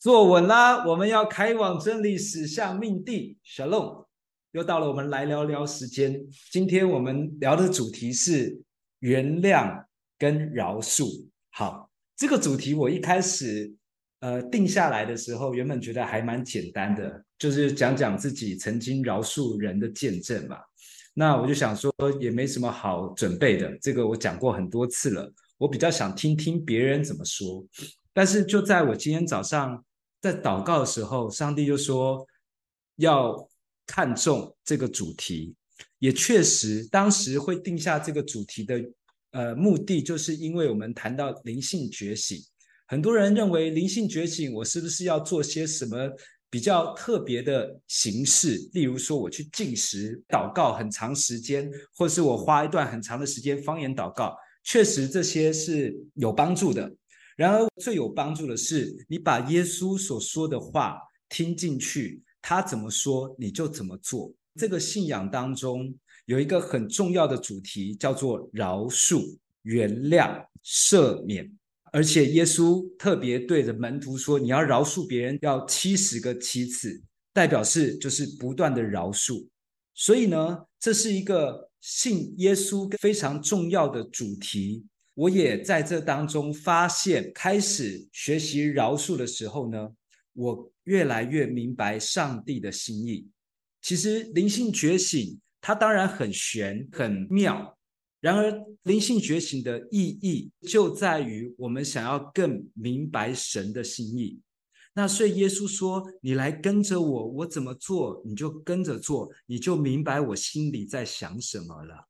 坐穩啦，我們要開往真理、駛向命定。Shalom，又到了我們來聊聊時間。今天我們聊的主題是原諒跟饒恕。好，這個主題我一開始呃定下來的時候，原本覺得還蠻簡單的，就是講講自己曾經饒恕人的見證嘛。那我就想說，也沒什麼好準備的，這個我講過很多次了。我比較想聽聽別人怎麼說。但是就在我今天早上。在禱告的時候，上帝就說要看重這個主題。也確實，當時會定下這個主題的，呃，目的就是因為我們談到靈性覺醒，很多人認為靈性覺醒，我是不是要做些什麼比較特別的形式？例如說，我去禁食禱告很長時間，或是我花一段很長的時間方言禱告，確實這些是有幫助的。然而最有幫助的是，你把耶穌所說的話聽進去，他怎麼說你就怎麼做。這個信仰當中有一個很重要的主題，叫做饒恕、原諒、赦免。而且耶穌特別對着門徒說：“你要饒恕別人，要七十個七次，代表是就是不斷地饒恕。”所以呢，這是一個信耶穌非常重要的主題。我也在這當中發現，開始學習饒恕的時候呢，我越來越明白上帝的心意。其實靈性覺醒，它當然很玄很妙。然而，靈性覺醒的意義就在於我們想要更明白神的心意。那所以耶穌說：“你來跟着我，我怎麼做，你就跟着做，你就明白我心裡在想什麼了。”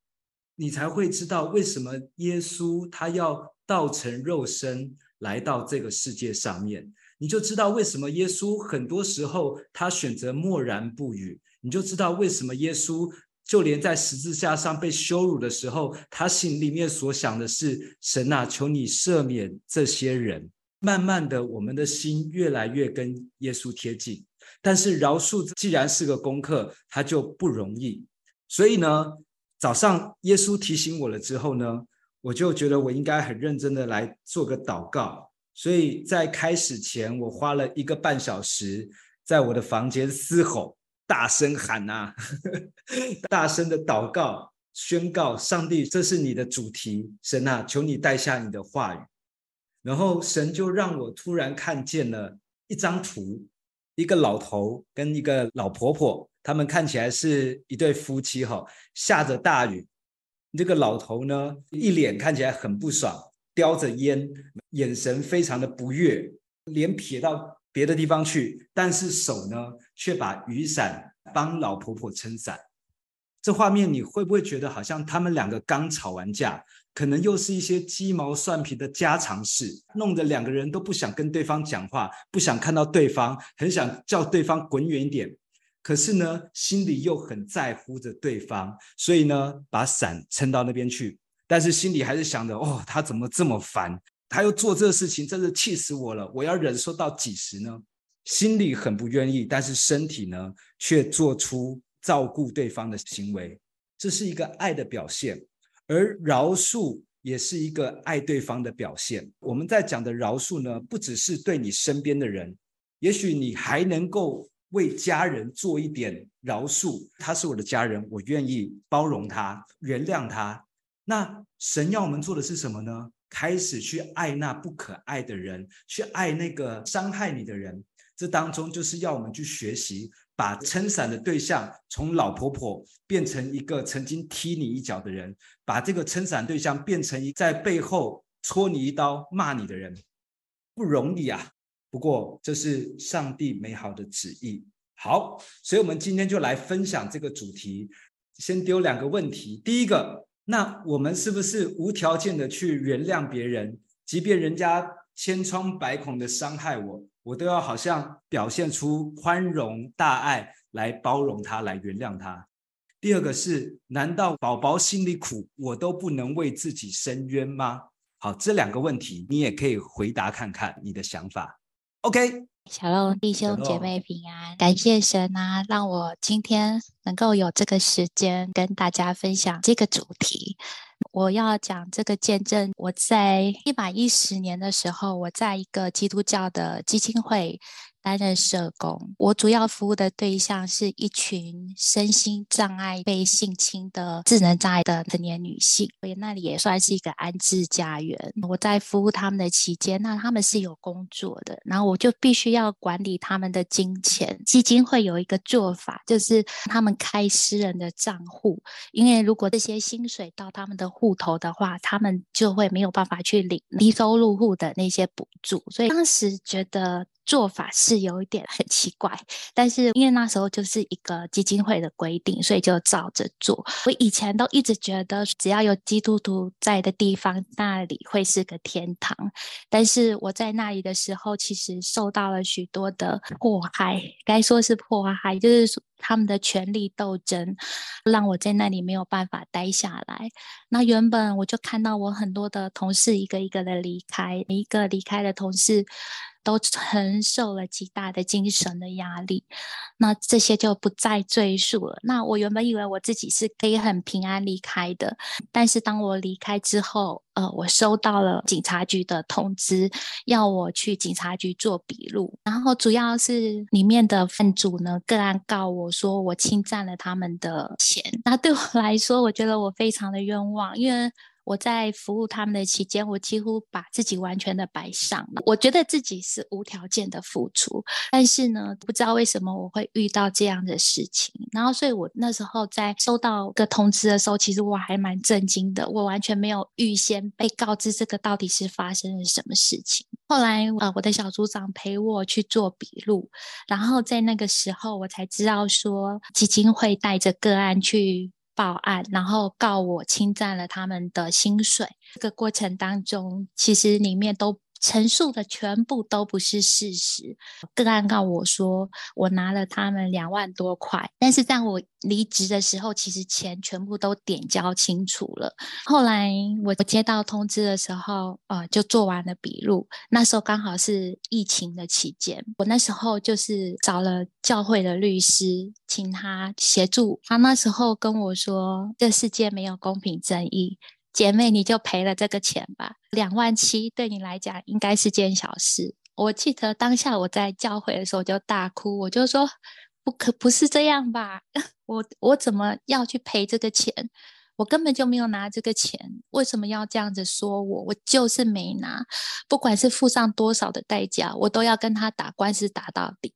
你才會知道為什麼耶穌他要道成肉身來到這個世界上面，你就知道為什麼耶穌很多時候他選擇默然不語，你就知道為什麼耶穌就連在十字架上被羞辱的時候，他心裡面所想的是神啊，求你赦免這些人。慢慢的，我們的心越來越跟耶穌貼近，但是饒恕既然是個功課，它就不容易。所以呢，早上，耶穌提醒我了之後呢，我就覺得我應該很認真的來做個禱告。所以在開始前，我花了一個半小時，在我的房間嘶吼、大聲喊吶、啊、 大聲的禱告，宣告上帝，這是你的主題，神啊，求你帶下你的話語。然後神就讓我突然看見了一張圖，一個老頭跟一個老婆婆。他們看起來是一對夫妻，哦，哈，下着大雨，這個老頭呢，一臉看起來很不爽，叼着煙，眼神非常的不悅，臉撇到別的地方去，但是手呢，卻把雨傘幫老婆婆撐傘。這畫面你會不會覺得好像他們兩個剛吵完架？可能又是一些雞毛蒜皮的家常事，弄得兩個人都不想跟對方講話，不想看到對方，很想叫對方滾遠一點。可是呢，心裡又很在乎着對方，所以呢，把傘撐到那邊去。但是心裡還是想着：哦，他怎麼這麼煩？他又做這個事情，真是氣死我了！我要忍受到幾時呢？心裡很不願意，但是身體呢，卻做出照顧對方的行為，這是一個愛的表現。而饒恕也是一個愛對方的表現。我們在講的饒恕呢，不只是對你身邊的人，也許你還能夠。為家人做一點饒恕，他是我的家人，我願意包容他、原諒他。那神要我們做的是什麼呢？開始去愛那不可愛的人，去愛那個傷害你的人。這當中就是要我們去學習，把撐傘的對象從老婆婆變成一個曾經踢你一腳的人，把這個撐傘對象變成一在背後戳你一刀、罵你的人，不容易啊。不過，這是上帝美好的旨意。好，所以我們今天就來分享這個主題。先丟兩個問題：第一個，那我們是不是無條件的去原諒別人，即便人家千瘡百孔的傷害我，我都要好像表現出寬容大愛來包容他，來原諒他？第二個是，難道寶寶心裡苦，我都不能為自己伸冤嗎？好，這兩個問題，你也可以回答看看你的想法。OK，SHALOM 弟兄姐妹平安，龍感謝神啊，讓我今天能夠有這個時間跟大家分享這個主題。我要講這個見證，我在一百一十年的時候，我在一個基督教的基金會。擔任社工，我主要服務的對象是一群身心障礙被性侵的智能障礙的成年女性，所以那裡也算是一個安置家園。我在服務他們的期間，那他們是有工作的，然後我就必須要管理他們的金錢。基金會有一個做法，就是他們開私人的賬戶，因為如果這些薪水到他們的戶頭的話，他們就會沒有辦法去領低收入戶的那些補助，所以當時覺得。做法是有一點很奇怪，但是因為那時候就是一個基金會的規定，所以就照着做。我以前都一直覺得，只要有基督徒在的地方，那裡會是個天堂。但是我在那裡的時候，其實受到了許多的迫害，該說是迫害，就是說。他們的權力鬥爭，讓我在那裡沒有辦法待下來。那原本我就看到我很多的同事一個一個的離開，每一個離開的同事都承受了極大的精神的壓力。那這些就不再贅述了。那我原本以為我自己是可以很平安離開的，但是當我離開之後，呃，我收到了警察局的通知，要我去警察局做筆錄。然後主要是裡面的分組呢，個案告我說我侵佔了他們的錢。那對我來說，我覺得我非常的冤枉，因為，我在服務他們的期間，我幾乎把自己完全的擺上了。我覺得自己是無條件的付出，但是呢，不知道為什麼我會遇到這樣的事情。然後，所以我那時候在收到個通知的時候，其實我還蠻震驚的。我完全沒有預先被告知這個到底是發生了什麼事情。後來啊、呃，我的小組長陪我去做筆錄，然後在那個時候，我才知道說基金會帶着個案去。報案，然後告我侵占了他們的薪水。這個過程當中，其實裡面都陳述的全部都不是事實。個案告我說，我拿了他們兩萬多塊，但是在我離職的時候，其實錢全部都點交清楚了。後來我我接到通知的時候，呃，就做完了筆錄。那時候剛好是疫情的期間，我那時候就是找了教會的律師，請他協助。他那時候跟我說，這世界沒有公平正義。姐妹，你就賠了這個錢吧，兩萬七對你來講應該是件小事。我記得當下我在教會的時候，我就大哭，我就說：“不可不是這樣吧？我我怎麼要去賠這個錢？我根本就沒有拿這個錢，為什麼要這樣子說我？我就是沒拿，不管是付上多少的代價，我都要跟他打官司打到底。”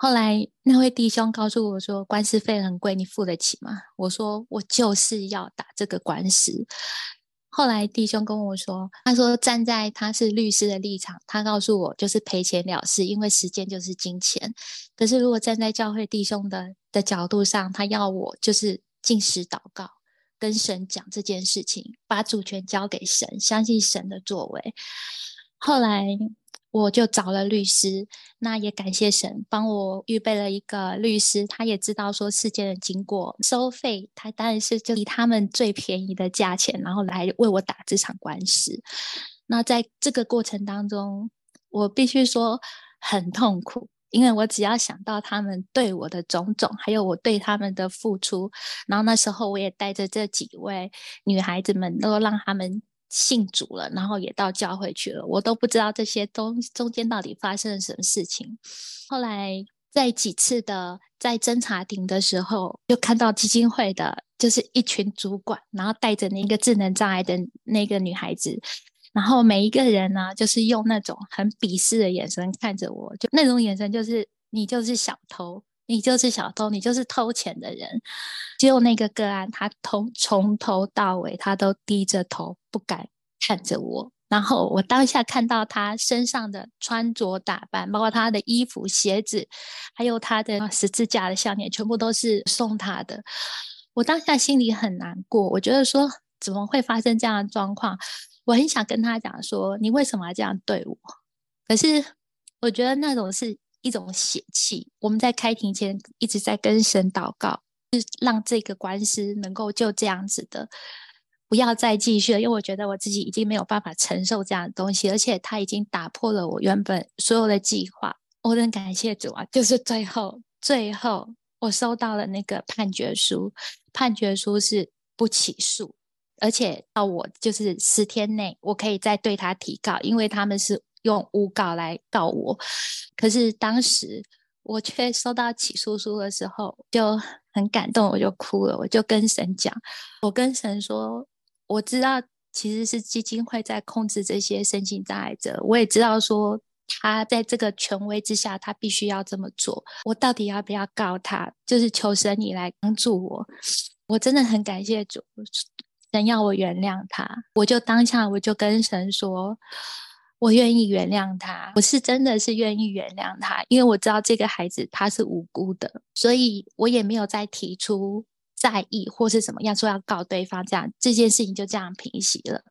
後來那位弟兄告訴我說：“官司費很貴，你付得起嗎？”我說：“我就是要打這個官司。”後來弟兄跟我說：“他說站在他是律師的立場，他告訴我就是賠錢了事，因為時間就是金錢。可是如果站在教會弟兄的的角度上，他要我就是禁食禱告，跟神講這件事情，把主權交給神，相信神的作為。”後來。我就找了律師，那也感謝神幫我預備了一個律師，他也知道說事件的經過、收費，他當然是就以他們最便宜的價錢，然後來為我打這場官司。那在這個過程當中，我必須說很痛苦，因為我只要想到他們對我的種種，還有我對他們的付出，然後那時候我也帶着這幾位女孩子們，都讓他們。信主了，然後也到教會去了。我都不知道這些東中間到底發生了什麼事情。後來在幾次的在偵查庭的時候，就看到基金會的，就是一群主管，然後帶着那個智能障礙的那個女孩子，然後每一個人呢、啊，就是用那種很鄙視的眼神看着我，就那種眼神就是你就是小偷。你就是小偷，你就是偷錢的人。只有那個個案，他從從頭到尾，他都低着頭，不敢看着我。然後我當下看到他身上的穿着打扮，包括他的衣服、鞋子，還有他的十字架的項鏈，全部都是送他的。我當下心裡很難過，我覺得說怎麼會發生這樣的狀況？我很想跟他講說，你為什麼要這樣對我？可是我覺得那種是。一種邪氣，我們在開庭前一直在跟神禱告，是讓這個官司能夠就這樣子的，不要再繼續了。因為我覺得我自己已經沒有辦法承受這樣的東西，而且他已經打破了我原本所有的計劃。我很感謝主啊！就是最後，最後我收到了那個判決書，判決書是不起訴，而且到我就是十天內我可以再對他提告，因為他們是。用誣告來告我，可是當時我卻收到起訴書的時候，就很感動，我就哭了。我就跟神講，我跟神說，我知道其實是基金會在控制這些身心障礙者，我也知道說他在這個權威之下，他必須要這麼做。我到底要不要告他？就是求神你來幫助我。我真的很感謝主，神要我原諒他，我就當下我就跟神說。我願意原諒他，我是真的是願意原諒他，因為我知道這個孩子他是無辜的，所以我也沒有再提出在意或是怎麼樣說要告對方，這樣這件事情就這樣平息了。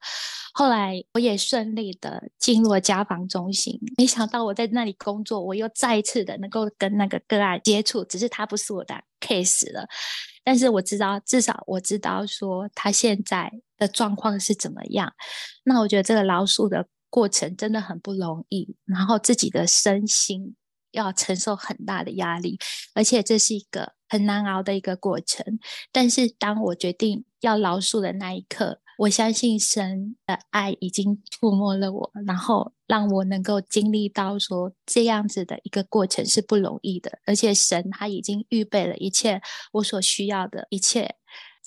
後來我也順利的進入了家訪中心，沒想到我在那裡工作，我又再一次的能夠跟那個個案接觸，只是他不是我的 case 了，但是我知道，至少我知道說他現在的狀況是怎麼樣。那我覺得這個老鼠的過程真的很不容易，然後自己的身心要承受很大的壓力，而且這是一個很難熬的一個過程。但是當我決定要饒恕的那一刻，我相信神的愛已經觸摸了我，然後讓我能夠經歷到說這樣子的一個過程是不容易的，而且神他已經預備了一切我所需要的一切。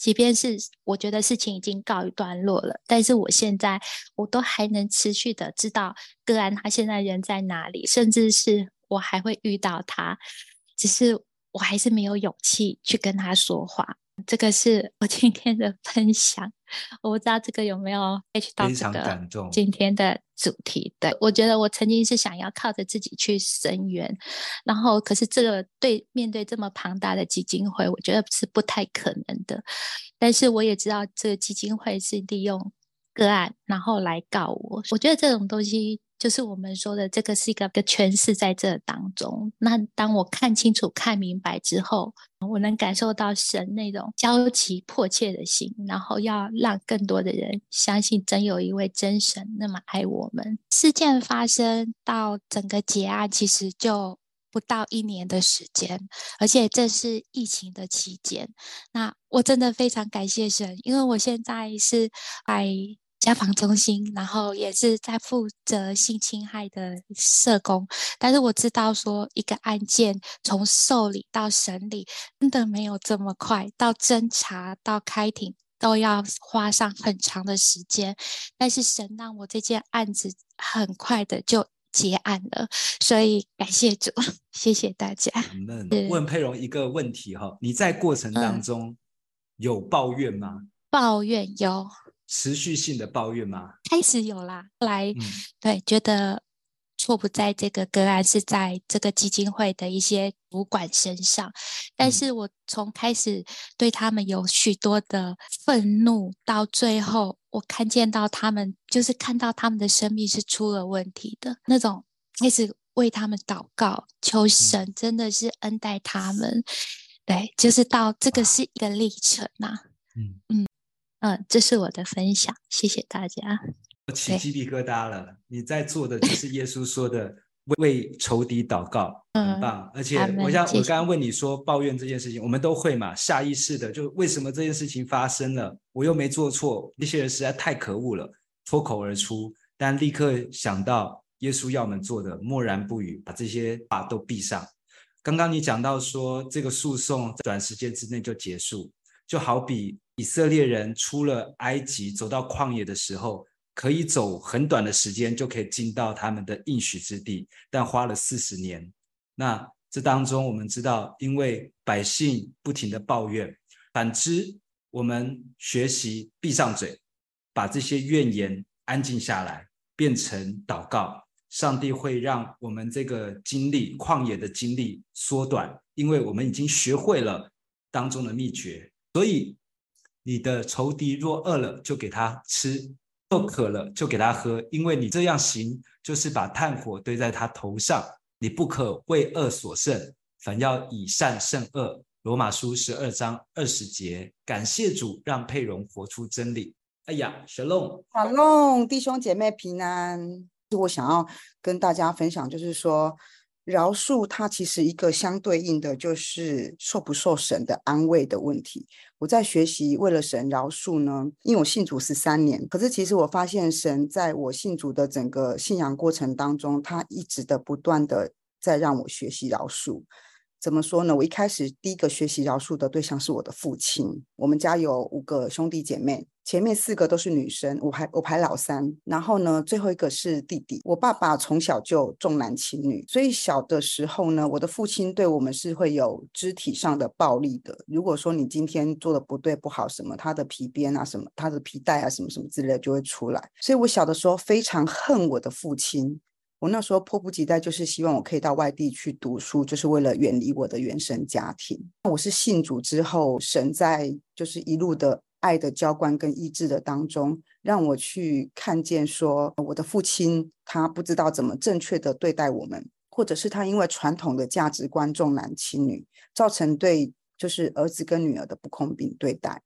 即便是我覺得事情已經告一段落了，但是我現在我都還能持續的知道，個案他現在人在哪裡，甚至是我還會遇到他，只是我還是沒有勇氣去跟他說話。嗯、這個是我今天的分享，我不知道這個有沒有 H 到的今天的主題。對，我覺得我曾經是想要靠着自己去伸冤，然後可是這個對面對這麼龐大的基金會，我覺得是不太可能的。但是我也知道這個基金會是利用。個案，然後來告我。我覺得這種東西就是我們說的這個是一個個詮釋在這當中。那當我看清楚、看明白之後，我能感受到神那種焦急、迫切的心，然後要讓更多的人相信真有一位真神那麼愛我們。事件發生到整個結案，其實就不到一年的時間，而且這是疫情的期間。那我真的非常感謝神，因為我現在是在。家防中心，然後也是在負責性侵害的社工，但是我知道說，一個案件從受理到審理，真的沒有這麼快，到偵查到開庭都要花上很長的時間。但是神讓我這件案子很快的就結案了，所以感謝主，謝謝大家。問佩蓉一個問題哈，嗯、你在過程當中有抱怨嗎？抱怨有。持續性的抱怨嗎？開始有啦，後來，嗯、對，覺得錯不在這個個案，是在這個基金會的一些主管身上。但是我從開始對他們有許多的憤怒，到最後我看見到他們，就是看到他們的生命是出了問題的那種，開始為他們禱告，求神真的是恩待他們。嗯、對，就是到這個是一個歷程呐、啊。嗯嗯。嗯嗯，這是我的分享，謝謝大家。我起雞皮疙瘩了，對你在做的就是耶穌說的為仇敵禱告， 很棒。而且，我像我剛剛問你說抱怨這件事情，嗯、阿們，我們都會嘛，下意識的就為什麼這件事情發生了，我又沒做錯，那些人實在太可惡了，脫口而出，但立刻想到耶穌要我們做的，默然不語，把這些話都閉上。剛剛你講到說這個訴訟短時間之內就結束，就好比。以色列人出了埃及，走到曠野的時候，可以走很短的時間就可以進到他們的應許之地，但花了四十年。那這當中，我們知道，因為百姓不停的抱怨。反之，我們學習閉上嘴，把這些怨言安靜下來，變成禱告，上帝會讓我們這個經歷曠野的經歷縮短，因為我們已經學會了當中的秘訣。所以。你的仇敵若餓了，就給他吃；若渴了，就給他喝。因為你這樣行，就是把炭火堆在他頭上。你不可為惡所勝，反要以善勝惡。羅馬書十二章二十節。感謝主，讓佩榮活出真理。哎呀，Shalom，哈囉，弟兄姐妹平安。我想要跟大家分享，就是說。饒恕，它，其實一個相對應的就是受不受神的安慰的問題。我在學習為了神饒恕呢，因為我信主十三年，可是其實我發現神在我信主的整個信仰過程當中，他一直的不斷的在讓我學習饒恕。怎麼說呢？我一開始第一個學習饒恕的對象是我的父親。我們家有五個兄弟姐妹，前面四個都是女生，我排我排老三，然後呢，最後一個是弟弟。我爸爸從小就重男輕女，所以小的時候呢，我的父親對我們是會有肢體上的暴力的。如果說你今天做的不對不好什麼，他的皮鞭啊，什麼他的皮帶啊，什麼什麼之類就會出來。所以我小的時候非常恨我的父親，我那時候迫不及待就是希望我可以到外地去讀書，就是為了遠離我的原生家庭。我是信主之後，神在就是一路的。愛的澆灌跟醫治的當中，讓我去看見說，我的父親他不知道怎麼正確的對待我們，或者是他因為傳統的價值觀重男輕女，造成對就是兒子跟女兒的不公平對待。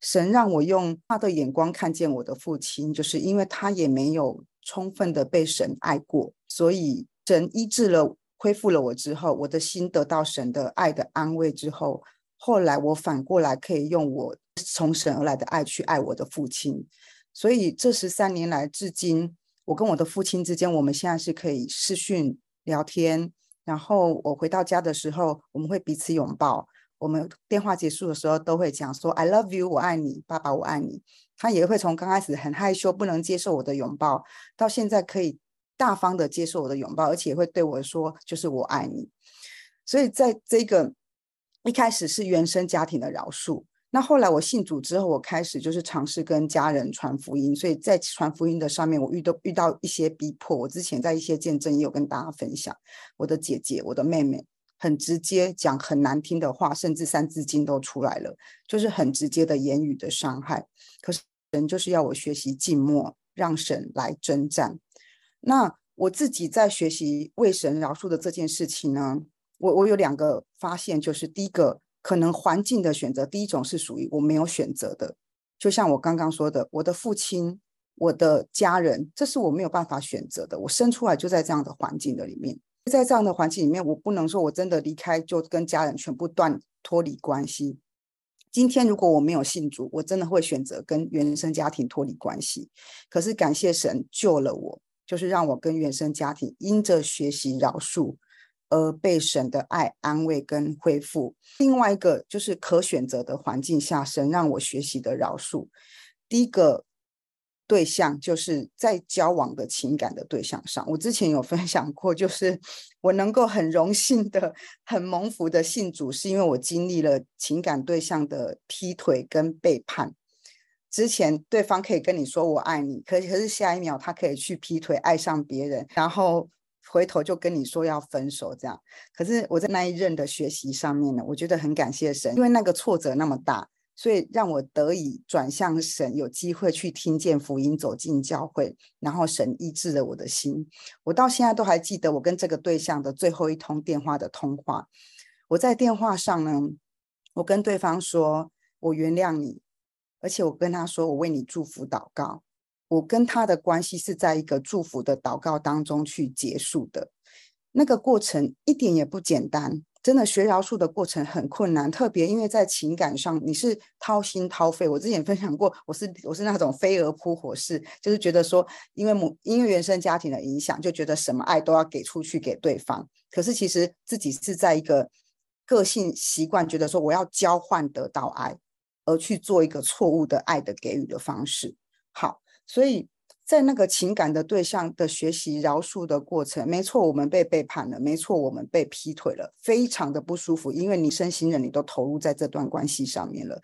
神讓我用他的眼光看見我的父親，就是因為他也沒有充分的被神愛過，所以神醫治了、恢復了我之後，我的心得到神的愛的安慰之後，後來我反過來可以用我。從神而來的愛去愛我的父親，所以這十三年來至今，我跟我的父親之間，我們現在是可以視訊聊天。然後我回到家的時候，我們會彼此擁抱。我們電話結束的時候，都會講說 “I love you”，我愛你，爸爸，我愛你。他也會從剛開始很害羞、不能接受我的擁抱，到現在可以大方的接受我的擁抱，而且也會對我說“就是我愛你”。所以，在這個一開始是原生家庭的饒恕。那後來我信主之後，我開始就是嘗試跟家人傳福音，所以在傳福音的上面，我遇到遇到一些逼迫。我之前在一些見證也有跟大家分享，我的姐姐、我的妹妹，很直接講很難聽的話，甚至三字經都出來了，就是很直接的言語的傷害。可是神就是要我學習靜默，讓神來爭戰。那我自己在學習為神饒恕的這件事情呢，我我有兩個發現，就是第一個。可能環境的選擇，第一種是屬於我沒有選擇的，就像我剛剛說的，我的父親、我的家人，這是我沒有辦法選擇的。我生出來就在這樣的環境的裡面，在這樣的環境裡面，我不能說我真的離開就跟家人全部斷脫離關係。今天如果我沒有信主，我真的會選擇跟原生家庭脫離關係。可是感謝神救了我，就是讓我跟原生家庭因着學習饒恕而被神的愛安慰跟恢復。另外一個就是可選擇的環境下身，神讓我學習的饒恕。第一個對象就是在交往的情感的對象上，我之前有分享過，就是我能夠很榮幸的、很蒙福的信主，是因為我經歷了情感對象的劈腿跟背叛。之前對方可以跟你說我愛你，可可是下一秒他可以去劈腿，愛上別人，然後。回頭就跟你說要分手，這樣。可是我在那一任的學習上面呢，我覺得很感謝神，因為那個挫折那麼大，所以讓我得以轉向神，有機會去聽見福音，走進教會，然後神醫治了我的心。我到現在都還記得我跟這個對象的最後一通電話的通話。我在電話上呢，我跟對方說，我原諒你，而且我跟他說，我為你祝福禱告。我跟他的關係是在一個祝福的禱告當中去結束的，那個過程一點也不簡單。真的，學饒恕的過程很困難，特別因為在情感上你是掏心掏肺。我之前分享過，我是我是那種飛蛾撲火式，就是覺得說，因為母因為原生家庭的影響，就覺得什麼愛都要給出去給對方。可是其實自己是在一個個性習慣，覺得說我要交換得到愛，而去做一個錯誤的愛的給予的方式。好。所以在那個情感的對象的學習饒恕的過程，沒錯，我們被背叛了，沒錯，我們被劈腿了，非常的不舒服，因為你身心靈你都投入在這段關係上面了。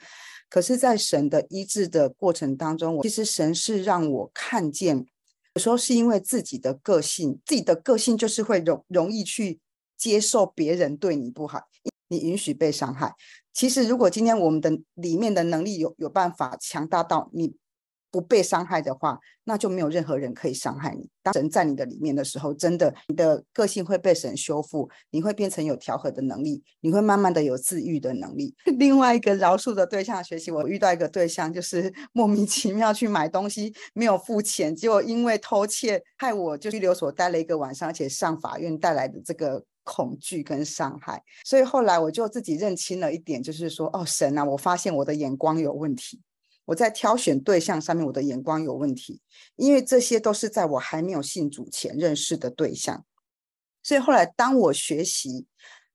可是，在神的醫治的過程當中，其實神是讓我看見，有時候是因為自己的個性，自己的個性就是會容容易去接受別人對你不好，你允許被傷害。其實，如果今天我們的裡面的能力有有辦法強大到你，不被傷害的話，那就沒有任何人可以傷害你。當神在你的裡面的時候，真的，你的個性會被神修復，你會變成有調和的能力，你會慢慢的有治癒的能力。另外一個饒恕的對象學習，我遇到一個對象，就是莫名其妙去買東西，沒有付錢，結果因為偷竊害我，就拘留所待了一個晚上，而且上法院帶來的這個恐懼跟傷害。所以後來我就自己認清了一點，就是說，哦，神啊，我發現我的眼光有問題。我在挑選對象上面，我的眼光有問題，因為這些都是在我還沒有信主前認識的對象。所以後來，當我學習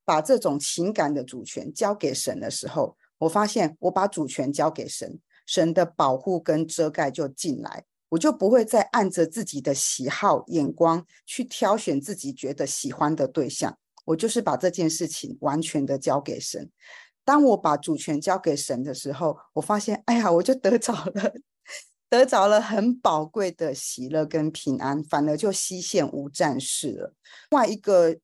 把這種情感的主權交給神的時候，我發現我把主權交給神，神的保護跟遮蓋就進來，我就不會再按着自己的喜好眼光去挑選自己覺得喜歡的對象，我就是把這件事情完全的交給神。當我把主權交給神的時候，我發現，哎呀，我就得着了，得着了很寶貴的喜樂跟平安，反而就西線無戰事了。另外一個，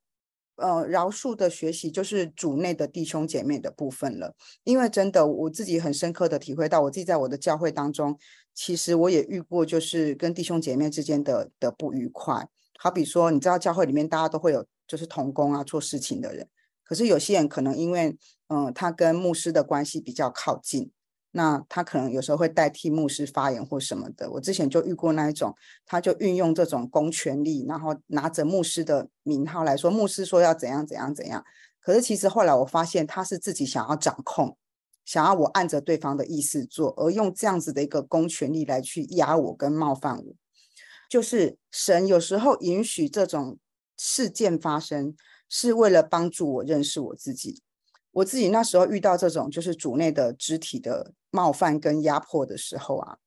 呃，饒恕的學習就是主內的弟兄姐妹的部分了，因為真的我自己很深刻的體會到，我自己在我的教會當中，其實我也遇過，就是跟弟兄姐妹之間的的不愉快，好比說，你知道教會裡面大家都會有，就是同工啊做事情的人。可是有些人可能因為，嗯、呃，他跟牧師的關係比較靠近，那他可能有時候會代替牧師發言或什麼的。我之前就遇過那一種，他就運用這種公權力，然後拿着牧師的名號來說，牧師說要怎樣怎樣怎樣。可是其實後來我發現，他是自己想要掌控，想要我按着對方的意思做，而用這樣子的一個公權力來去壓我跟冒犯我。就是神有時候允許這種事件發生。是為了幫助我認識我自己。我自己那時候遇到這種就是主內的肢體的冒犯跟壓迫的時候啊，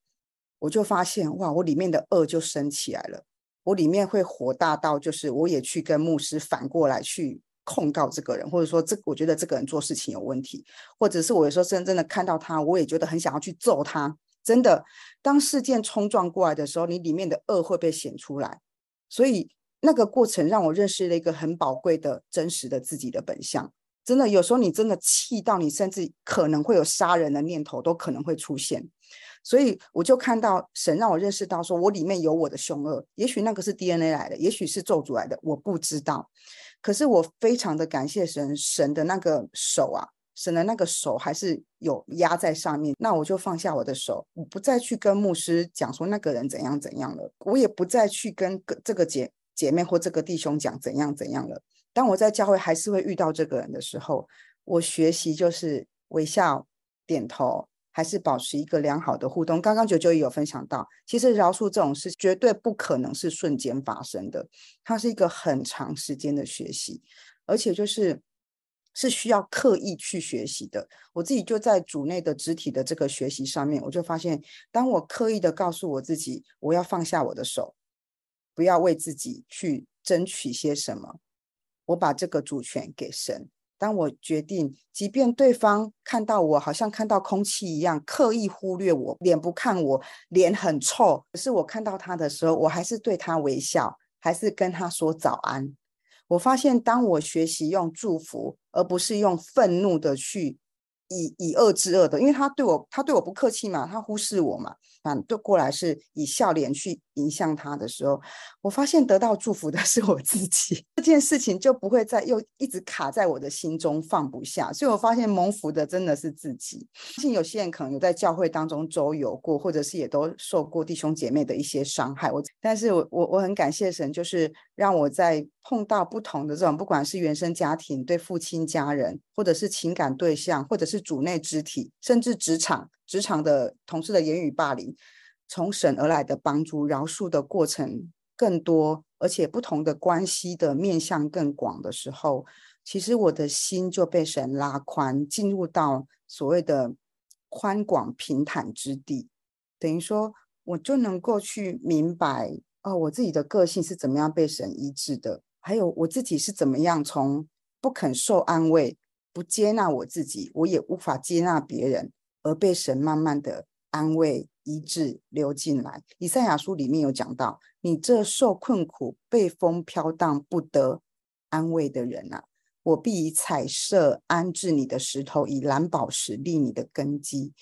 我就發現哇，我裡面的惡就升起來了。我裡面會火大到，就是我也去跟牧師反過來去控告這個人，或者說這我覺得這個人做事情有問題，或者是我有時候真正的看到他，我也覺得很想要去揍他。真的，當事件衝撞過來的時候，你裡面的惡會被顯出來。所以。那個過程讓我認識了一個很寶貴的真實的自己的本相，真的有時候你真的氣到你甚至可能會有殺人的念頭都可能會出現，所以我就看到神讓我認識到，說我裡面有我的凶惡，也許那個是 DNA 來的，也許是咒詛來的，我不知道。可是我非常的感謝神，神的那個手啊，神的那個手還是有壓在上面，那我就放下我的手，我不再去跟牧師講說那個人怎樣怎樣了，我也不再去跟個這個姐。姐妹或這個弟兄講怎樣怎樣了，當我在教會還是會遇到這個人的時候，我學習就是微笑、點頭，還是保持一個良好的互動。剛剛九九也有分享到，其實饒恕這種事絕對不可能是瞬間發生的，它是一個很長時間的學習，而且就是是需要刻意去學習的。我自己就在主內的肢體的這個學習上面，我就發現，當我刻意的告訴我自己，我要放下我的手。不要為自己去爭取些什麼，我把這個主權給神。當我決定，即便對方看到我，好像看到空氣一樣，刻意忽略我，臉不看我，臉很臭。可是我看到他的時候，我還是對他微笑，還是跟他說早安。我發現，當我學習用祝福，而不是用憤怒的去以以惡制惡的，因為他對我，他對我不客氣嘛，他忽視我嘛，反倒過來是以笑臉去。迎向他的時候，我發現得到祝福的是我自己，這件事情就不會再又一直卡在我的心中放不下，所以我發現蒙福的真的是自己。相信有些人可能有在教會當中周遊過，或者是也都受過弟兄姐妹的一些傷害。我，但是我我我很感謝神，就是讓我在碰到不同的這種，不管是原生家庭、對父親家人，或者是情感對象，或者是主內肢體，甚至職場職場的同事的言語霸凌，從神而來的幫助、饒恕的過程更多，而且不同的關係的面向更廣的時候，其實我的心就被神拉寬，進入到所謂的寬廣平坦之地。等於說，我就能夠去明白，哦，我自己的個性是怎麼樣被神醫治的，還有我自己是怎麼樣從不肯受安慰、不接納我自己，我也無法接納別人，而被神慢慢的安慰。醫治流進來。以賽亞書裡面有講到：“你這受困苦、被風飄蕩、不得安慰的人啊，我必以彩色安置你的石頭，以藍寶石立你的根基。”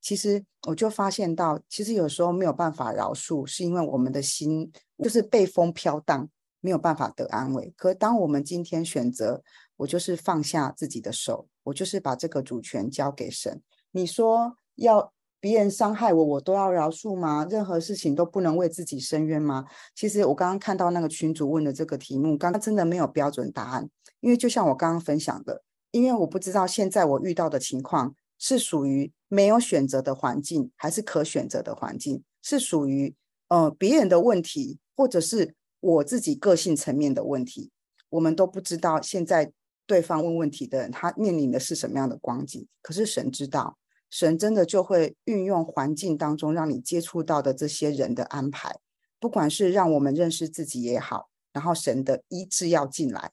其實我就發現到，其實有時候沒有辦法饒恕，是因為我們的心就是被風飄蕩，沒有辦法得安慰。可當我們今天選擇，我就是放下自己的手，我就是把這個主權交給神。你說要。別人傷害我，我都要饒恕嗎？任何事情都不能為自己伸冤嗎？其實我剛剛看到那個群主問的這個題目，剛剛真的沒有標準答案，因為就像我剛剛分享的，因為我不知道現在我遇到的情況是屬於沒有選擇的環境，還是可選擇的環境？是屬於呃別人的問題，或者是我自己個性層面的問題？我們都不知道現在對方問問題的人，他面臨的是什麼樣的光景？可是神知道。神真的就會運用環境當中讓你接觸到的這些人的安排，不管是讓我們認識自己也好，然後神的醫治要進來，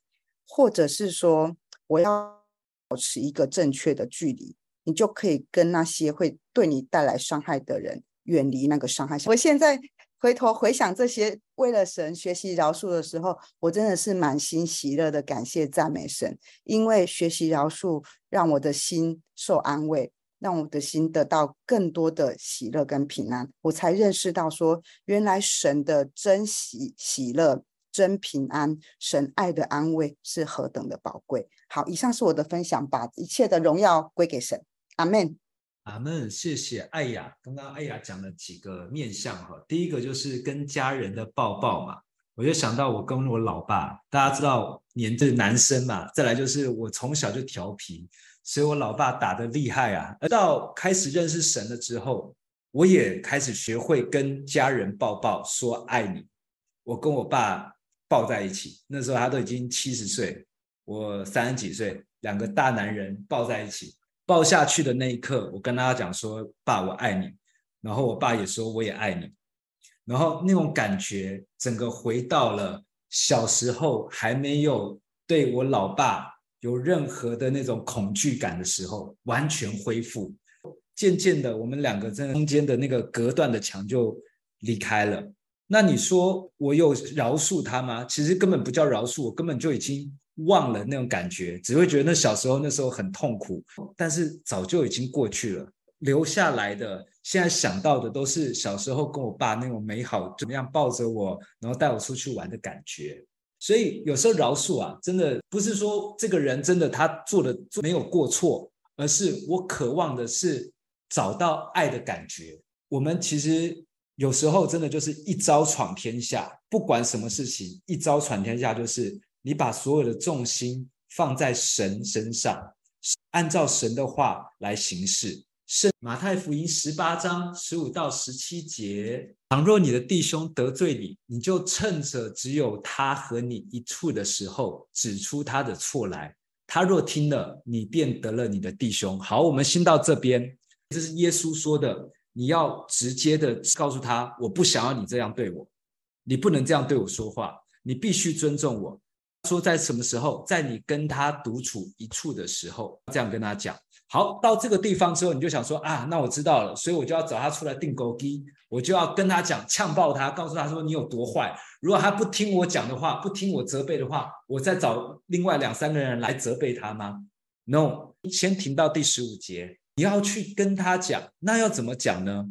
或者是說我要保持一個正確的距離，你就可以跟那些會對你帶來傷害的人遠離那個傷害，傷害。我現在回頭回想這些為了神學習饒恕的時候，我真的是滿心喜樂地感謝讚美神，因為學習饒恕讓我的心受安慰。讓我的心得到更多的喜樂跟平安，我才認識到說，原來神的真喜喜樂、真平安、神愛的安慰是何等的寶貴。好，以上是我的分享吧，把一切的榮耀歸給神。Amen、阿門，阿門。謝謝艾雅，剛剛艾雅講了幾個面向哈，第一個就是跟家人的抱抱嘛，我就想到我跟我老爸，大家知道年紀男生嘛，再來就是我從小就調皮。所以我老爸打得厲害啊！而到開始認識神了之後，我也開始學會跟家人抱抱，說愛你。我跟我爸抱在一起，那時候他都已經七十歲，我三十幾歲，兩個大男人抱在一起，抱下去的那一刻，我跟他講說：“爸，我愛你。”然後我爸也說：“我也愛你。”然後那種感覺，整個回到了小時候，還沒有對我老爸。有任何的那種恐懼感的時候，完全恢復。漸漸的，我們兩個在中間的那個隔斷的牆就離開了。那你說我有饒恕他嗎？其實根本不叫饒恕，我根本就已經忘了那種感覺，只會覺得那小時候那時候很痛苦，但是早就已經過去了。留下來的，現在想到的都是小時候跟我爸那種美好，怎麼樣抱着我，然後帶我出去玩的感覺。所以有時候饒恕啊，真的不是說這個人真的他做的沒有過錯，而是我渴望的是找到愛的感覺。我們其實有時候真的就是一朝闖天下，不管什麼事情，一朝闖天下就是你把所有的重心放在神身上，按照神的話來行事。是，馬太福音十八章十五到十七節：倘若你的弟兄得罪你，你就趁着只有他和你一處的時候，指出他的錯來。他若聽了，你便得了你的弟兄。好，我們先到這邊，這是耶穌說的。你要直接的告訴他：我不想要你這樣對我，你不能這樣對我說話，你必須尊重我。說在什麼時候？在你跟他獨處一處的時候，這樣跟他講。好，到這個地方之後，你就想說啊，那我知道了，所以我就要找他出來釘孤枝，我就要跟他講，嗆爆他，告訴他說你有多壞。如果他不聽我講的話，不聽我責備的話，我再找另外兩三個人來責備他嗎？No，先停到第十五節。你要去跟他講，那要怎麼講呢？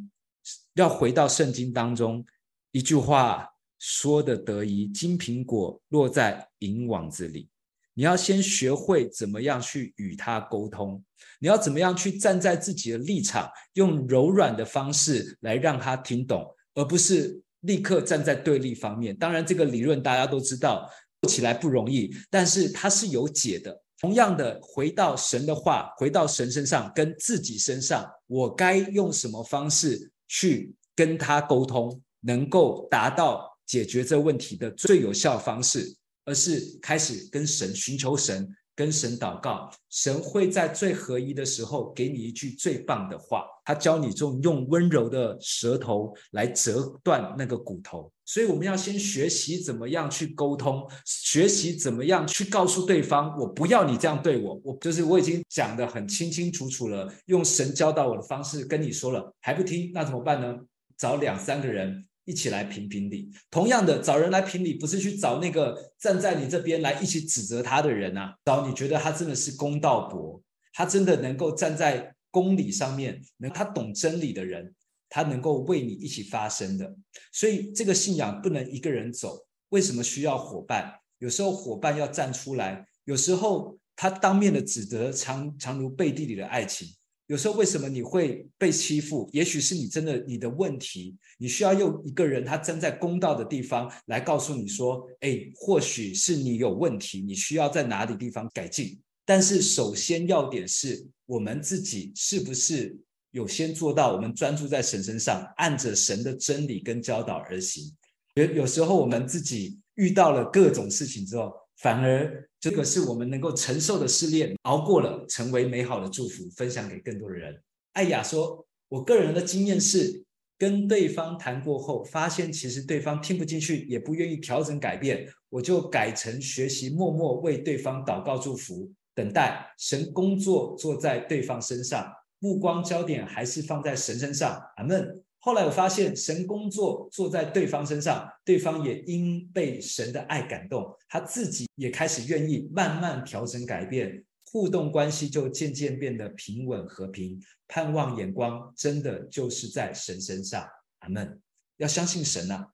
要回到聖經當中一句話說得得,得宜，金蘋果落在銀網子裡。你要先學會怎麼樣去與他溝通，你要怎麼樣去站在自己的立場，用柔軟的方式來讓他聽懂，而不是立刻站在對立方面。當然，這個理論大家都知道，做起來不容易，但是它是有解的。同樣的，回到神的話，回到神身上，跟自己身上，我該用什麼方式去跟他溝通，能夠達到解決這問題的最有效方式。而是開始跟神尋求神，跟神禱告，神會在最合宜的時候給你一句最棒的話。他教你用用溫柔的舌頭來折斷那個骨頭，所以我們要先學習怎麼樣去溝通，學習怎麼樣去告訴對方，我不要你這樣對我，我就是我已經講得很清清楚楚了，用神教導我的方式跟你說了，還不聽，那怎麼辦呢？找兩三個人。一起來評評理，同樣的，找人來評理，不是去找那個站在你這邊來一起指責他的人啊，找你覺得他真的是公道伯，他真的能夠站在公理上面，能他懂真理的人，他能夠為你一起發聲的。所以這個信仰不能一個人走，為什麼需要夥伴？有時候夥伴要站出來，有時候他當面的指責常，常強如背地裡的愛情。有時候為什麼你會被欺負？也許是你真的你的問題，你需要用一個人他站在公道的地方來告訴你說，誒，或許是你有問題，你需要在哪裡地方改進。但是首先要點是我們自己是不是有先做到，我們專注在神身上，按着神的真理跟教導而行。有有時候我們自己遇到了各種事情之後，反而。這個是我們能夠承受的試煉，熬過了，成為美好的祝福，分享給更多的人。艾雅說，我個人的經驗是，跟對方談過後，發現其實對方聽不進去，也不願意調整改變，我就改成學習默默為對方禱告祝福，等待神工作做在對方身上，目光焦點還是放在神身上。阿門。後來我發現，神工作做在對方身上，對方也因被神的愛感動，他自己也開始願意慢慢調整改變，互動關係就漸漸變得平穩和平。盼望眼光真的就是在神身上。阿門。要相信神啊！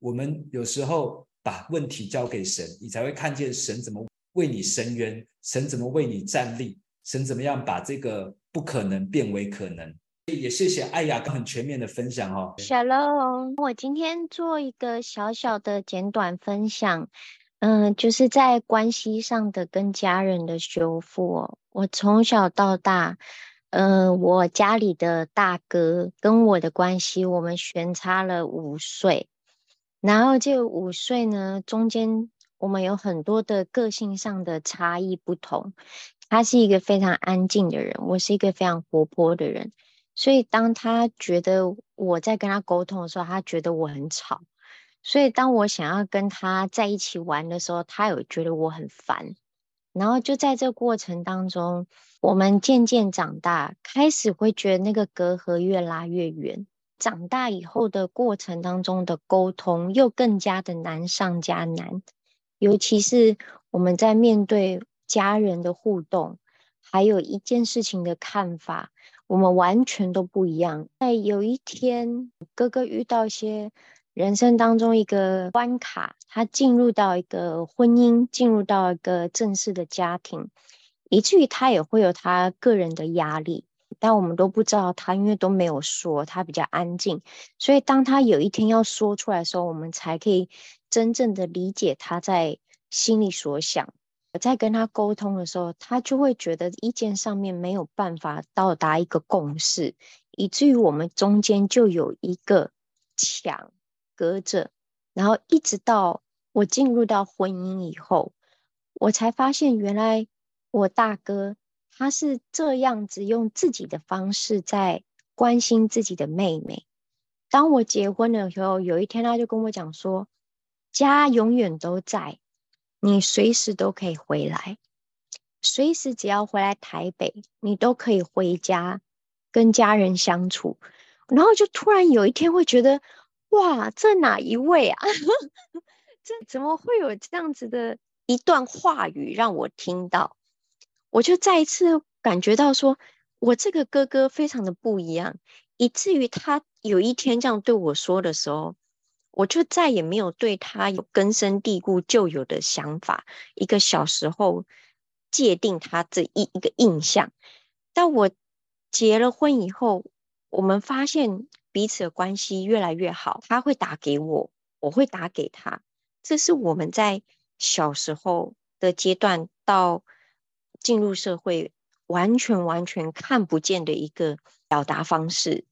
我們有時候把問題交給神，你才會看見神怎麼為你伸冤，神怎麼為你站立，神怎麼樣把這個不可能變為可能。也謝謝艾雅很全面的分享哦。Hello，我今天做一個小小的簡短分享，嗯、呃，就是在關係上的跟家人的修復。我從小到大，嗯、呃，我家裡的大哥跟我的關係，我們懸差了五歲，然後這個五歲呢，中間我們有很多的個性上的差異不同。他是一個非常安靜的人，我是一個非常活潑的人。所以，當他覺得我在跟他溝通的時候，他覺得我很吵；所以，當我想要跟他在一起玩的時候，他有覺得我很煩。然後，就在這過程當中，我們漸漸長大，開始會覺得那個隔閡越拉越遠。長大以後的過程當中的溝通又更加的難上加難，尤其是我們在面對家人的互動，還有一件事情的看法。我們完全都不一樣。在有一天，哥哥遇到一些人生當中一個關卡，他進入到一個婚姻，進入到一個正式的家庭，以至於他也會有他個人的壓力。但我們都不知道他，因為都沒有說，他比較安靜。所以當他有一天要說出來的時候，我們才可以真正的理解他在心裡所想。我在跟他溝通的時候，他就會覺得意見上面沒有辦法到達一個共識，以至於我們中間就有一個牆隔着。然後一直到我進入到婚姻以後，我才發現原來我大哥他是這樣子用自己的方式在關心自己的妹妹。當我結婚的時候，有一天他就跟我講說，家永遠都在。你隨時都可以回來，隨時只要回來台北，你都可以回家跟家人相處。然後就突然有一天會覺得，哇，這哪一位啊？ 這怎麼會有這樣子的一段話語讓我聽到？我就再一次感覺到說，說我這個哥哥非常的不一樣，以至於他有一天這樣對我說的時候。我就再也沒有對他有根深蒂固舊有的想法，一個小時候界定他這一一個印象。但我結了婚以後，我們發現彼此的關係越來越好。他會打給我，我會打給他，這是我們在小時候的階段到進入社會完全完全看不見的一個表達方式，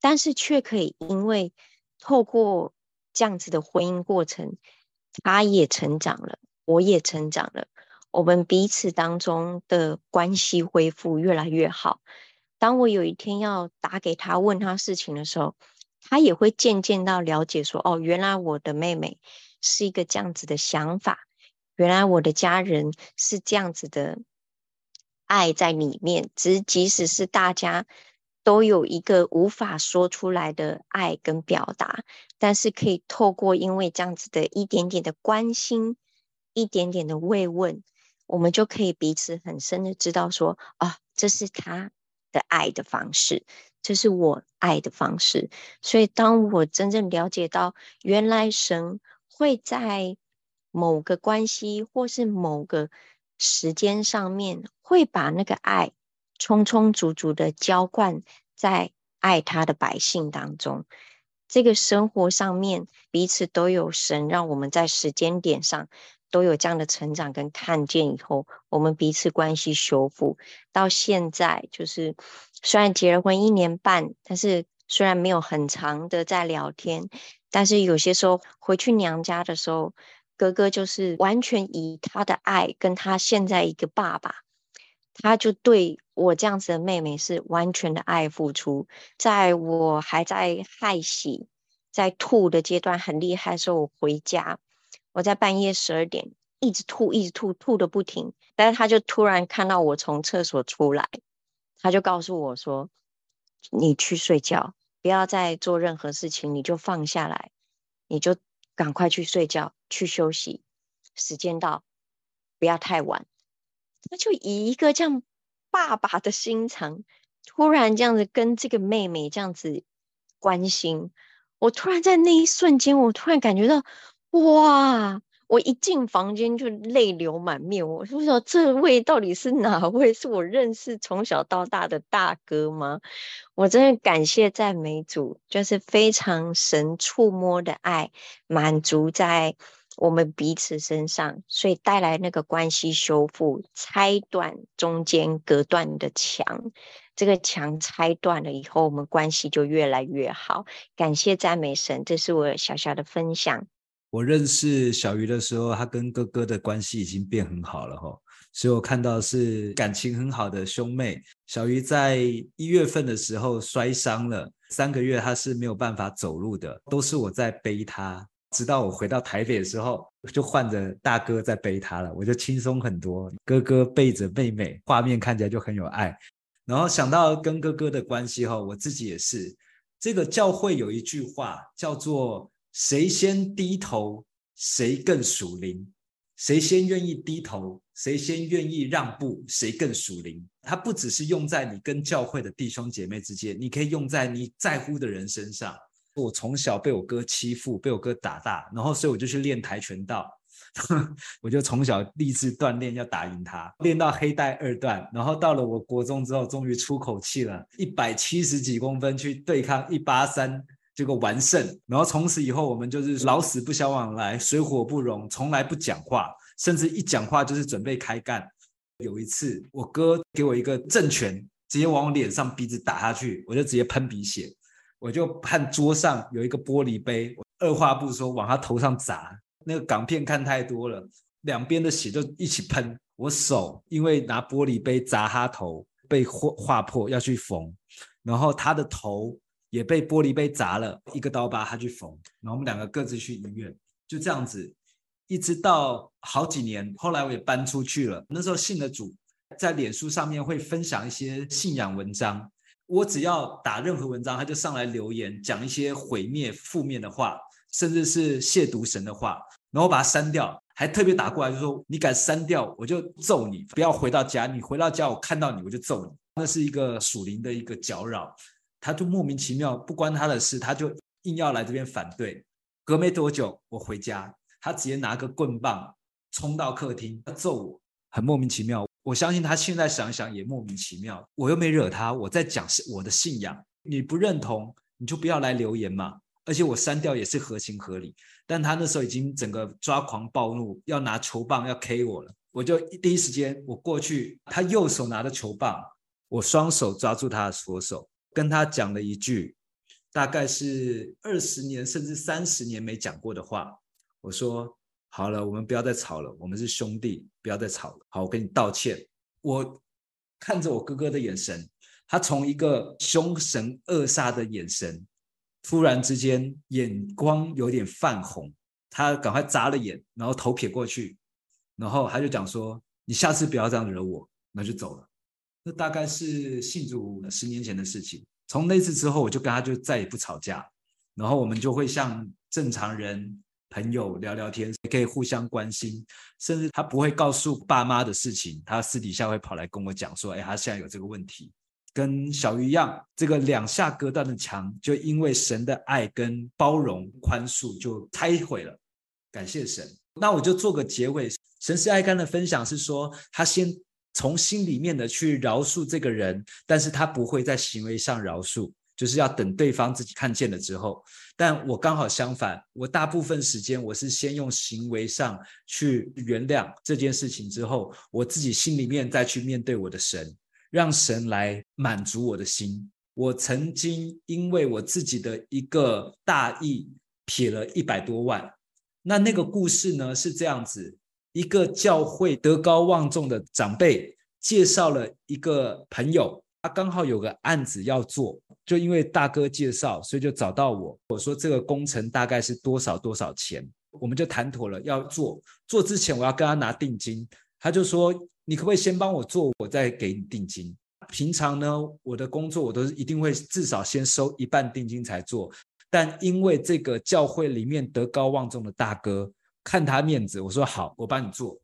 但是卻可以因為透過。這樣子的婚姻過程，他也成長了，我也成長了，我們彼此當中的關係恢復越來越好。當我有一天要打給他問他事情的時候，他也會漸漸到了解說：哦，原來我的妹妹是一個這樣子的想法，原來我的家人是這樣子的愛在裡面。只即使是大家。都有一個無法說出來的愛跟表達，但是可以透過因為這樣子的一點點的關心，一點點的慰問，我們就可以彼此很深的知道說，啊，這是他的愛的方式，這是我愛的方式。所以，當我真正了解到，原來神會在某個關係或是某個時間上面，會把那個愛。充充足足的澆灌在愛他的百姓當中，這個生活上面彼此都有神，讓我們在時間點上都有這樣的成長跟看見以後，我們彼此關係修復到現在，就是雖然結了婚一年半，但是雖然沒有很長的在聊天，但是有些時候回去娘家的時候，哥哥就是完全以他的愛跟他現在一個爸爸。他就對我這樣子的妹妹是完全的愛付出，在我還在害喜、在吐的階段很厲害的時候，說我回家，我在半夜十二點一直吐，一直吐，吐得不停。但是他就突然看到我從廁所出來，他就告訴我說：“你去睡覺，不要再做任何事情，你就放下來，你就趕快去睡覺，去休息。時間到，不要太晚。”那就以一個這樣爸爸的心腸，突然這樣子跟這個妹妹這樣子關心，我突然在那一瞬間，我突然感覺到，哇！我一進房間就淚流滿面。我說：這位到底是哪位？是我認識從小到大的大哥嗎？我真的感謝讚美主，就是非常神觸摸的愛，滿足在。我們彼此身上，所以帶來那個關係修復，拆斷中間隔斷的牆。這個牆拆斷了以後，我們關係就越來越好。感謝讚美神，這是我小小的分享。我認識小魚的時候，他跟哥哥的關係已經變很好了哈、哦，所以我看到是感情很好的兄妹。小魚在一月份的時候摔傷了，三個月他是沒有辦法走路的，都是我在背他。直到我回到台北的時候，我就換着大哥在背他了，我就輕鬆很多。哥哥背着妹妹，畫面看起來就很有愛。然後想到跟哥哥的關係後，我自己也是。這個教會有一句話叫做“誰先低頭，誰更屬靈；誰先願意低頭，誰先願意讓步，誰更屬靈”。它不只是用在你跟教會的弟兄姐妹之間，你可以用在你在乎的人身上。我從小被我哥欺負，被我哥打大，然後所以我就去練跆拳道， 我就從小立志鍛鍊要打贏他，練到黑帶二段，然後到了我國中之後，終於出口氣了，一百七十幾公分去對抗一八三，結果完勝，然後從此以後我們就是老死不相往來，水火不容，從來不講話，甚至一講話就是準備開幹。有一次我哥給我一個正拳，直接往我臉上鼻子打下去，我就直接噴鼻血。我就看桌上有一個玻璃杯，我二話不說往他頭上砸。那個港片看太多了，兩邊的血就一起噴。我手因為拿玻璃杯砸他頭被劃破，劃破，要去縫。然後他的頭也被玻璃杯砸了一個刀疤，他去縫。然後我們兩個各自去醫院，就這樣子，一直到好幾年。後來我也搬出去了。那時候信的主在臉書上面會分享一些信仰文章。我只要打任何文章，他就上來留言，講一些毀滅、負面的話，甚至是褻瀆神的話，然後把它刪掉，還特別打過來就說：“你敢刪掉，我就揍你！不要回到家，你回到家我看到你，我就揍你。”那是一個屬靈的一個攪擾，他就莫名其妙，不關他的事，他就硬要來這邊反對。隔沒多久，我回家，他直接拿個棍棒衝到客廳他揍我，很莫名其妙。我相信他現在想想也莫名其妙，我又沒惹他，我在講是我的信仰，你不認同你就不要來留言嘛，而且我刪掉也是合情合理。但他那時候已經整個抓狂暴怒，要拿球棒要 K 我了，我就第一時間我過去，他右手拿着球棒，我雙手抓住他的左手，跟他講了一句，大概是二十年甚至三十年沒講過的話，我說。好了，我們不要再吵了。我們是兄弟，不要再吵了。好，我跟你道歉。我看着我哥哥的眼神，他從一個兇神惡煞的眼神，突然之間眼光有點泛紅，他趕快眨了眼，然後頭撇過去，然後他就講說：“你下次不要這樣惹我。”那就走了。那大概是信主十年前的事情。從那次之後，我就跟他就再也不吵架，然後我們就會像正常人。朋友聊聊天，也可以互相關心，甚至他不會告訴爸媽的事情，他私底下會跑來跟我講說：“哎，他現在有這個問題。”跟小魚一樣，這個兩下隔斷的牆，就因為神的愛跟包容、寬恕，就拆毀了。感謝神。那我就做個結尾。神是愛甘的分享是說，他先從心裡面的去饒恕這個人，但是他不會在行為上饒恕，就是要等對方自己看見了之後。但我剛好相反，我大部分時間我是先用行為上去原諒這件事情，之後我自己心裡面再去面對我的神，讓神來滿足我的心。我曾經因為我自己的一個大意，賠了一百多萬。那那個故事呢是這樣子：一個教會德高望重的長輩介紹了一個朋友。他剛好有個案子要做，就因為大哥介紹，所以就找到我。我說這個工程大概是多少多少錢，我們就談妥了要做。做之前我要跟他拿定金，他就說你可不可以先幫我做，我再給你定金。平常呢，我的工作我都是一定會至少先收一半定金才做，但因為這個教會裡面德高望重的大哥看他面子，我說好，我幫你做。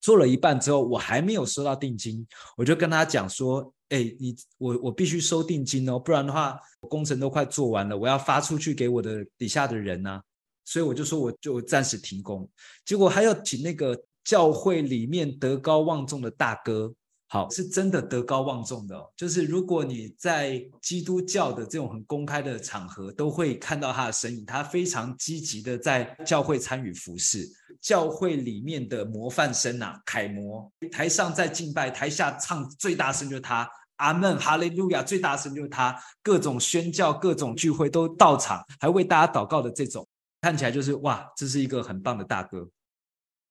做了一半之後，我還沒有收到定金，我就跟他講說：“哎、欸，你我我必須收定金哦，不然的話我工程都快做完了，我要發出去給我的底下的人啊，所以我就說我就暫時停工，結果還要請那個教會裡面德高望重的大哥。好，是真的德高望重的哦，就是如果你在基督教的這種很公開的場合，都會看到他的身影。他非常積極的在教會參與服事，教會裡面的模範生啊，楷模。台上在敬拜，台下唱最大聲就是他，阿門，哈利路亞，最大聲就是他。各種宣教，各種聚會都到場，還為大家禱告的這種，看起來就是哇，這是一個很棒的大哥。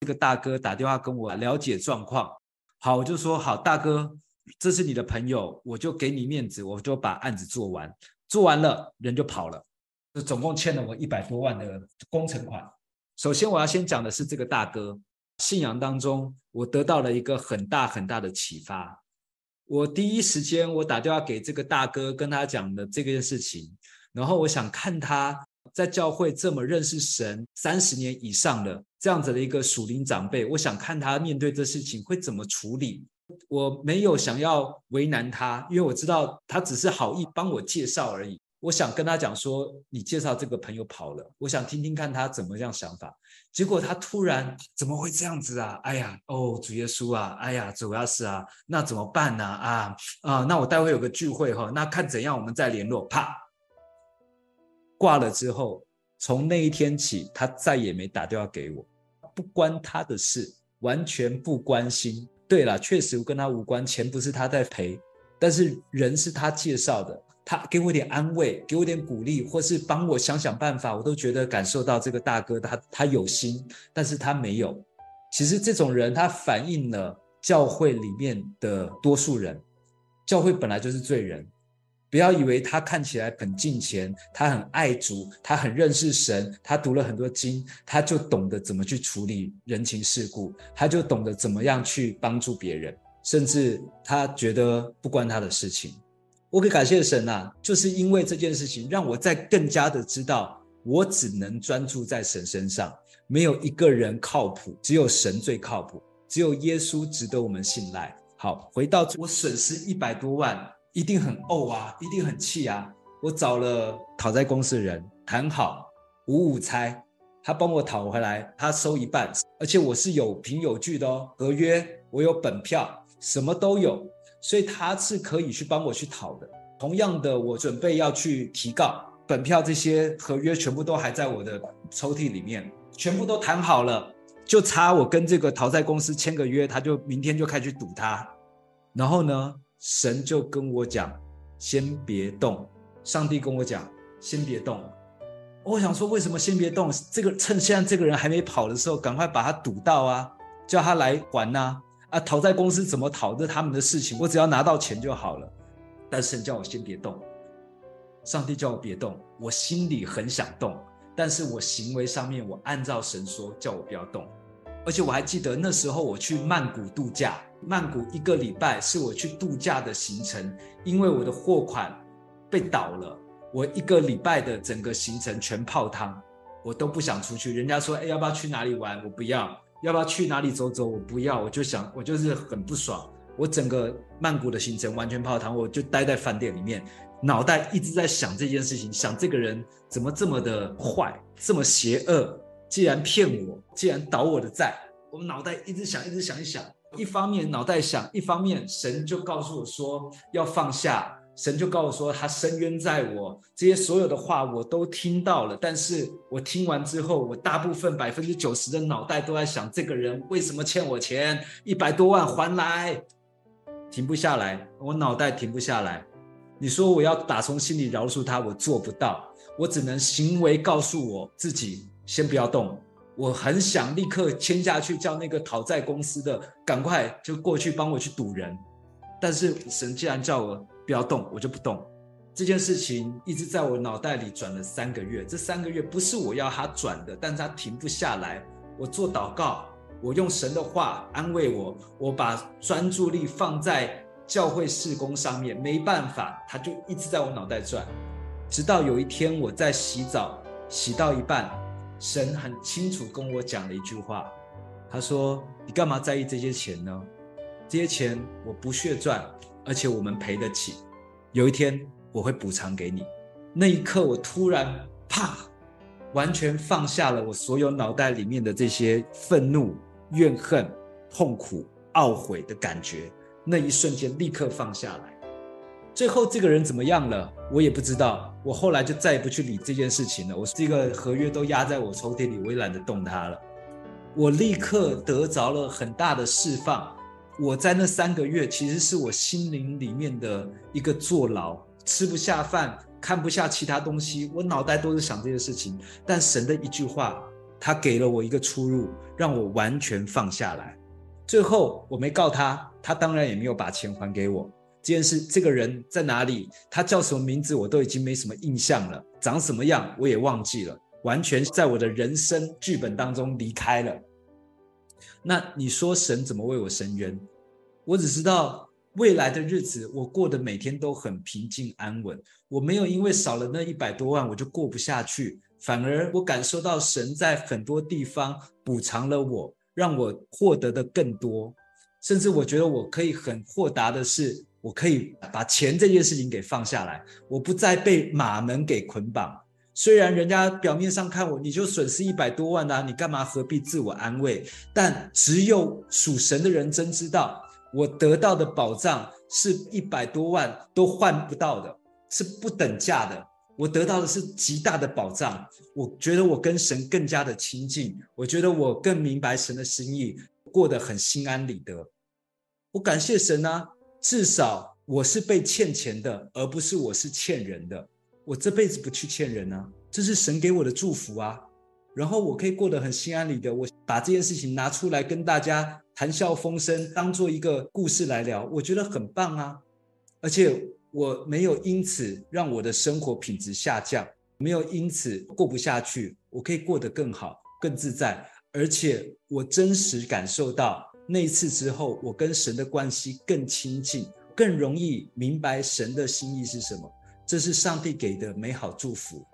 這個大哥打電話跟我了解狀況。好，我就說好，大哥，這是你的朋友，我就給你面子，我就把案子做完，做完了人就跑了，就總共欠了我一百多萬的工程款。首先我要先講的是這個大哥，信仰當中我得到了一個很大很大的啟發。我第一時間我打電話給這個大哥，跟他講的這件事情，然後我想看他在教會這麼認識神三十年以上的。這樣子的一個屬靈長輩，我想看他面對這事情會怎麼處理。我沒有想要為難他，因為我知道他只是好意幫我介紹而已。我想跟他講說，你介紹這個朋友跑了，我想聽聽看他怎麼樣想法。結果他突然怎麼會這樣子啊？哎呀，哦，主耶穌啊，哎呀，主要是啊，那怎麼辦呢、啊？啊啊、呃，那我待會有個聚會哈、哦，那看怎樣我們再聯絡。啪，掛了之後。從那一天起，他再也沒打電話給我。不關他的事，完全不關心。對啦，確實跟他無關，錢不是他在賠，但是人是他介紹的。他給我點安慰，給我點鼓勵，或是幫我想想辦法，我都覺得感受到這個大哥他他有心，但是他沒有。其實這種人，他反映了教會裡面的多數人。教會本來就是罪人。不要以為他看起來很敬虔，他很愛主，他很認識神，他讀了很多經，他就懂得怎麼去處理人情世故，他就懂得怎麼樣去幫助別人，甚至他覺得不關他的事情。我、okay, 可以感謝神吶、啊，就是因為這件事情，讓我在更加的知道，我只能專注在神身上，沒有一個人靠譜，只有神最靠譜，只有耶穌值得我們信賴。好，回到我損失一百多萬。一定很慪、哦、啊，一定很氣啊！我找了討債公司的人，談好五五拆，他幫我討回來，他收一半，而且我是有憑有據的哦，合約我有本票，什麼都有，所以他是可以去幫我去討的。同樣的，我準備要去提告，本票這些合約全部都還在我的抽屜裡面，全部都談好了，就差我跟這個討債公司簽個約，他就明天就開始去堵他，然後呢？神就跟我講：“先別動。”上帝跟我講：“先別動。”哦，我想說：“為什麼先別動？這個趁現在這個人還沒跑的時候，趕快把他堵到啊，叫他來還吶、啊！啊，討債公司怎麼討這他們的事情，我只要拿到錢就好了。”但神叫我先別動，上帝叫我別動。我心裡很想動，但是我行為上面我按照神說叫我不要動。而且我還記得那時候我去曼谷度假。曼谷一個禮拜是我去度假的行程，因為我的貨款被倒了，我一個禮拜的整個行程全泡湯，我都不想出去。人家說：“哎，要不要去哪裡玩？”我不要；“要不要去哪裡走走？”我不要。我就想，我就是很不爽。我整個曼谷的行程完全泡湯，我就待在飯店裡面，腦袋一直在想這件事情，想這個人怎麼這麼的壞，這麼邪惡。竟然騙我，竟然倒我的債，我腦袋一直想，一直想，一想。一方面腦袋想，一方面神就告訴我說要放下，神就告訴我說他伸冤在我，這些所有的話我都聽到了，但是我聽完之後，我大部分百分之九十的腦袋都在想這個人為什麼欠我錢一百多萬還來，停不下來，我腦袋停不下來。你說我要打從心裡饒恕他，我做不到，我只能行為告訴我自己先不要動。我很想立刻簽下去，叫那個討債公司的趕快就過去幫我去堵人，但是神既然叫我不要動，我就不動。這件事情一直在我腦袋裡轉了三個月，這三個月不是我要他轉的，但是他停不下來。我做禱告，我用神的話安慰我，我把專注力放在教會事工上面，沒辦法，他就一直在我腦袋轉，直到有一天我在洗澡，洗到一半。神很清楚跟我講了一句話，他說：“你幹嘛在意這些錢呢？這些錢我不屑賺，而且我們賠得起。有一天我會補償給你。”那一刻我突然，啪，完全放下了我所有腦袋裡面的這些憤怒、怨恨、痛苦、懊悔的感覺，那一瞬間立刻放下來。最後這個人怎麼樣了？我也不知道。我後來就再也不去理這件事情了。我這個合約都壓在我抽屜裡，我也懶得動它了。我立刻得着了很大的釋放。我在那三個月，其實是我心靈裡面的一個坐牢，吃不下飯，看不下其他東西，我腦袋都是想這些事情。但神的一句話，他給了我一個出入，讓我完全放下來。最後我沒告他，他當然也沒有把錢還給我。這件事，這個人在哪裡？他叫什麼名字？我都已經沒什麼印象了。長什麼樣我也忘記了，完全在我的人生劇本當中離開了。那你說神怎麼為我伸冤？我只知道未來的日子我過得每天都很平靜安穩，我沒有因為少了那一百多萬我就過不下去，反而我感受到神在很多地方補償了我，讓我獲得的更多。甚至我覺得我可以很豁達的是，我可以把錢這件事情給放下來，我不再被馬門給捆綁。雖然人家表面上看我，你就損失一百多萬啊，你幹嘛何必自我安慰？但只有屬神的人真知道，我得到的寶藏是一百多萬都換不到的，是不等價的。我得到的是極大的寶藏。我覺得我跟神更加的親近，我覺得我更明白神的心意，過得很心安理得。我感謝神啊！至少我是被欠錢的，而不是我是欠人的。我這輩子不去欠人啊，這是神給我的祝福啊。然後我可以過得很心安理得。我把這件事情拿出來跟大家談笑風生，當做一個故事來聊，我覺得很棒啊。而且我沒有因此讓我的生活品質下降，沒有因此過不下去，我可以過得更好、更自在，而且我真實感受到。那一次之後，我跟神的關係更親近，更容易明白神的心意是什麼。這是上帝給的美好祝福。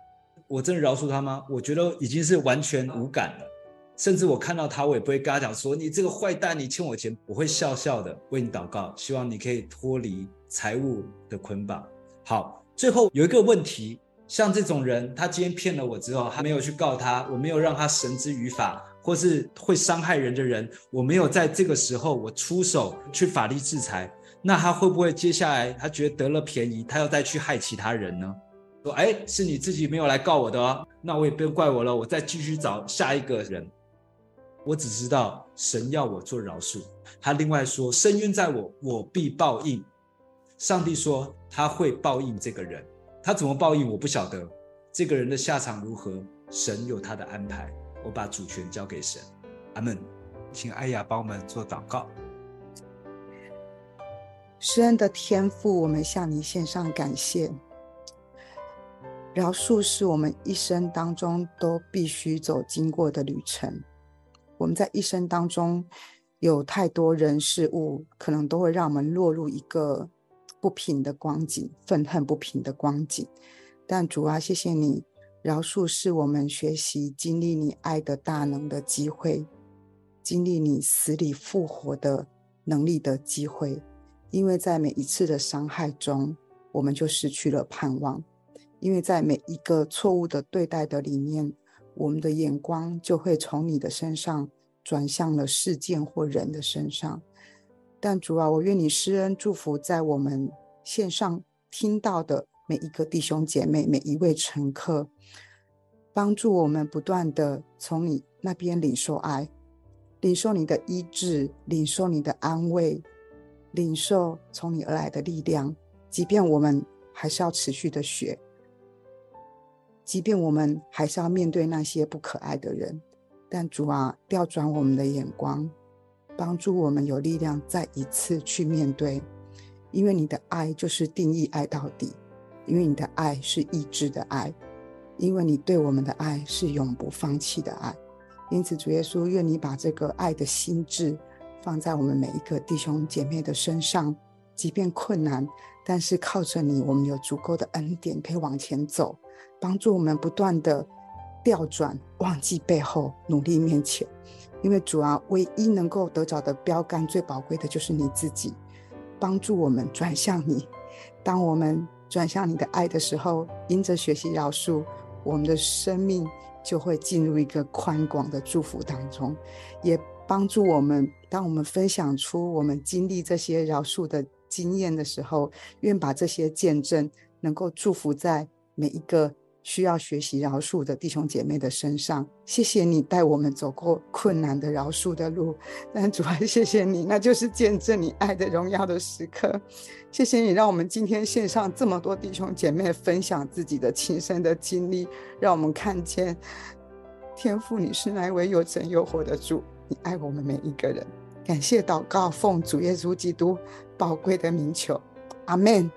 我真的饒恕他嗎？我覺得已經是完全無感了。甚至我看到他，我也不會跟他講說：“你這個壞蛋，你欠我錢。”我會笑笑的為你禱告，希望你可以脫離財務的捆綁。好，最後有一個問題：像這種人，他今天騙了我之後，還沒有去告他，我沒有讓他繩之於法。或是會傷害人的人，我沒有在這個時候我出手去法律制裁，那他會不會接下來他覺得得了便宜，他要再去害其他人呢？說，哎，是你自己沒有來告我的哦，那我也不用怪我了，我再繼續找下一個人。我只知道神要我做饒恕。他另外說，伸冤在我，我必報應。上帝說他會報應這個人，他怎麼報應我不曉得，這個人的下場如何，神有他的安排。我把主權交給神，阿門。請艾雅幫我們做禱告。施恩的天父，我們向您獻上感謝。饒恕是我們一生當中都必須走經過的旅程。我們在一生當中，有太多人事物，可能都會讓我們落入一個不平的光景，憤恨不平的光景。但主啊，謝謝你。饒恕是我們學習經歷你愛的大能的機會，經歷你死裡復活的能力的機會。因為在每一次的傷害中，我們就失去了盼望；因為在每一個錯誤的對待的裡面，我們的眼光就會從你的身上轉向了事件或人的身上。但主啊，我願你施恩祝福，在我們線上聽到的。每一個弟兄姐妹，每一位乘客，幫助我們不斷的從你那邊領受愛，領受你的醫治，領受你的安慰，領受從你而來的力量。即便我們還是要持續的學，即便我們還是要面對那些不可愛的人，但主啊，調轉我們的眼光，幫助我們有力量再一次去面對，因為你的愛就是定義愛到底。因為你的愛是意志的愛，因為你對我們的愛是永不放棄的愛，因此主耶穌，願你把這個愛的心智放在我們每一個弟兄姐妹的身上，即便困難，但是靠着你，我們有足夠的恩典可以往前走，幫助我們不斷地調轉，忘記背後，努力面前。因為主啊，唯一能夠得着的標杆，最寶貴的就是你自己，幫助我們轉向你，當我們。轉向你的愛的時候，因着學習饒恕，我們的生命就會進入一個寬廣的祝福當中，也幫助我們，當我們分享出我們經歷這些饒恕的經驗的時候，願把這些見證能夠祝福在每一個。需要學習饒恕的弟兄姐妹的身上，謝謝你帶我們走過困難的饒恕的路，但主啊，謝謝你，那就是見證你愛的榮耀的時刻。謝謝你讓我們今天線上這麼多弟兄姐妹分享自己的親身的經歷，讓我們看見天父你是那一位又真又活的主，你愛我們每一個人。感謝禱告，奉主耶穌基督寶貴的名求，阿們。